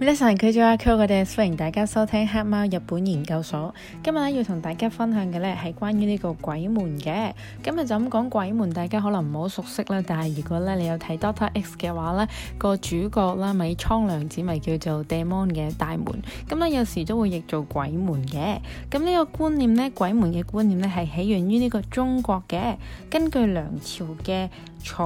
晚上好，做下 call 歡迎大家收聽黑貓日本研究所。今日咧要同大家分享嘅咧係關於呢個鬼門嘅。今日就咁講鬼門，大家可能唔好熟悉啦。但係如果咧你有睇 Doctor X 嘅話咧，個主角啦米倉涼子，咪叫做 Demon 嘅大門，咁咧有時都會譯做鬼門嘅。咁呢個觀念咧，鬼門嘅觀念咧係起源於呢個中國嘅。根據梁朝嘅楚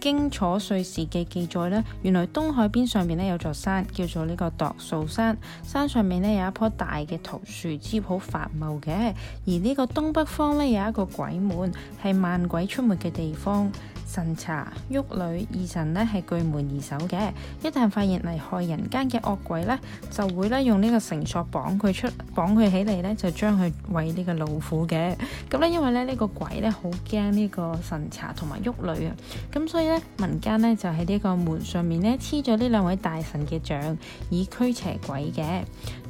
《荊楚歲時記》記載呢，原來東海邊上面咧有座山，叫做呢個度朔山，山上面咧有一棵大嘅桃樹，枝好繁茂嘅。而呢個東北方咧有一個鬼門，係萬鬼出沒嘅地方。神茶、玉女二神呢係據門而守嘅，一旦發現危害人間嘅惡鬼呢，就會咧用呢個繩索綁佢出，綁佢起嚟呢，就將佢餵呢個老虎嘅。咁 咧因為咧呢、呢個鬼呢好驚呢個神茶同埋玉女啊，咁所以呢，民間呢就喺呢個門上面呢黐咗呢兩位大神嘅像，以驅邪鬼嘅。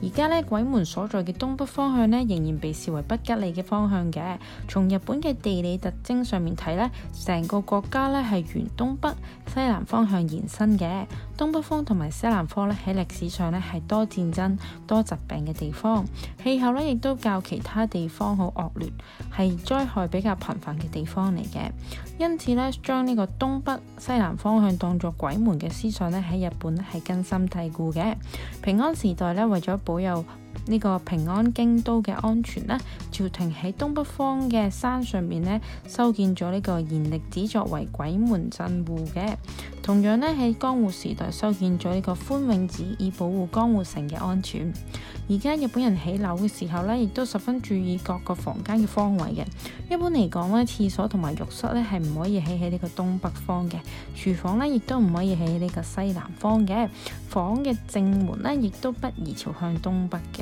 而家呢，鬼門所在嘅東北方向呢，仍然被視為不吉利嘅方向嘅。從日本嘅地理特徵上面睇呢，成個國。家咧係沿東北西南方向延伸嘅，東北方同埋西南方咧喺歷史上咧係多戰爭、多疾病嘅地方，氣候咧亦都較其他地方好惡劣，係災害比較頻繁嘅地方嚟嘅。因此咧，將呢個東北西南方向當作鬼門嘅思想咧喺日本係根深蒂固嘅。平安時代咧，為咗保佑呢個平安京都嘅安全呢，朝廷喺東北方嘅山上面呢，修建咗呢個延曆寺作為鬼門鎮護嘅。同樣呢，喺江戶時代修建咗呢個寬永寺以保護江戶城嘅安全。而家日本人起樓嘅時候呢，亦都十分注意各個房間嘅方位嘅。一般嚟講呢，廁所同埋浴室呢，係唔可以起喺呢個東北方嘅，廚房呢亦都唔可以起喺呢個西南方嘅。房嘅正門呢，亦都不宜朝向東北嘅。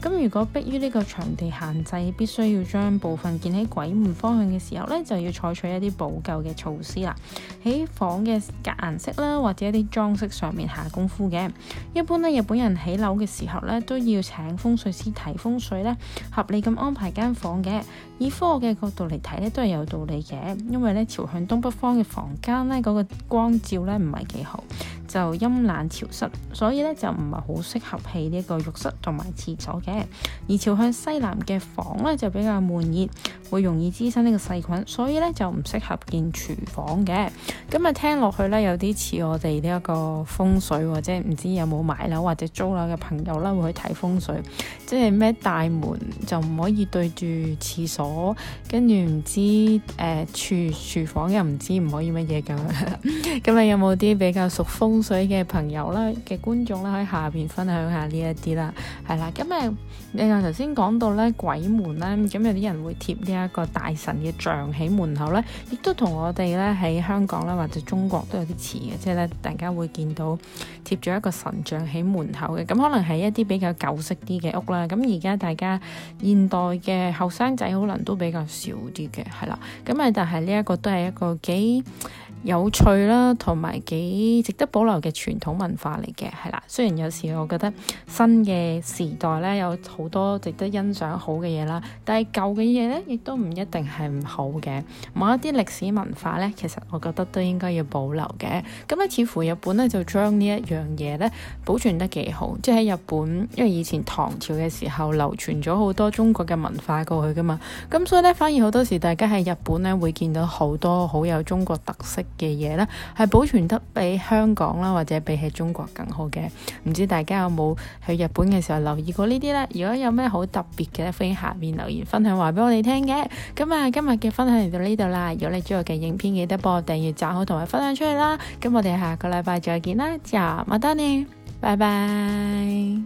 咁如果迫於呢個場地限制，必須要將部分建喺鬼門方向嘅時候呢，就要採取一啲補救嘅措施啦。喺房嘅隔顏色啦，或者一啲裝飾上面下功夫嘅。一般呢，日本人起樓嘅時候呢，都要請風水師睇風水呢，合理咁安排間房嘅。以科學嘅角度嚟睇呢，都係有道理嘅，因為呢，朝向東北方嘅房間呢，嗰個光照呢唔係幾好，就陰冷潮濕，所以呢，就唔係好適合喺呢個浴室同埋廁所嘅。而朝向西南嘅房呢，就比較悶熱，會容易滋生呢個細菌，所以呢，就唔適合建廚房嘅。咁啊聽落去呢，有啲似我哋呢一個風水，即係唔知有冇買樓或者租樓嘅朋友啦，會去睇風水，即係咩大門就唔可以對住廁所，跟住唔知誒、呃、廚廚房又唔知唔可以乜嘢咁。咁 啊有冇啲比較熟風水嘅朋友啦嘅觀眾啦喺下邊分享下呢一啲啦，係啦，今日。你話頭先講到咧鬼門咧，咁有啲人會貼呢一個大神嘅像喺門口咧，亦都同我哋咧喺香港咧或者中國都有啲似嘅，即係咧大家會見到貼咗一個神像喺門口嘅，咁可能係一啲比較舊式啲嘅屋啦。咁而家大家現代嘅後生仔可能都比較少啲嘅，係啦。咁啊，但係呢一個都係一個幾。有趣啦，同埋幾值得保留嘅傳統文化嚟嘅，係啦。雖然有時我覺得新嘅時代咧有好多值得欣賞好嘅嘢啦，但係舊嘅嘢咧亦都唔一定係唔好嘅。某一啲歷史文化咧，其實我覺得都應該要保留嘅。咁咧，似乎日本咧就將呢一樣嘢咧保存得幾好，即係喺日本，因為以前唐朝嘅時候流傳咗好多中國嘅文化過去噶嘛，咁所以咧反而好多時大家喺日本咧會見到好多好有中國特色嘅嘢咧，係保存得比香港啦，或者比起中國更好嘅。唔知大家有冇去日本嘅時候留意過呢啲呢？如果有咩好特別嘅咧，歡迎下面留言分享話俾我哋聽嘅。咁啊，今日嘅分享嚟到呢度啦。如果你鍾意我嘅影片，記得幫我訂閱、讚好同埋分享出去啦。咁我哋下個禮拜再見啦，就麥當尼，拜拜。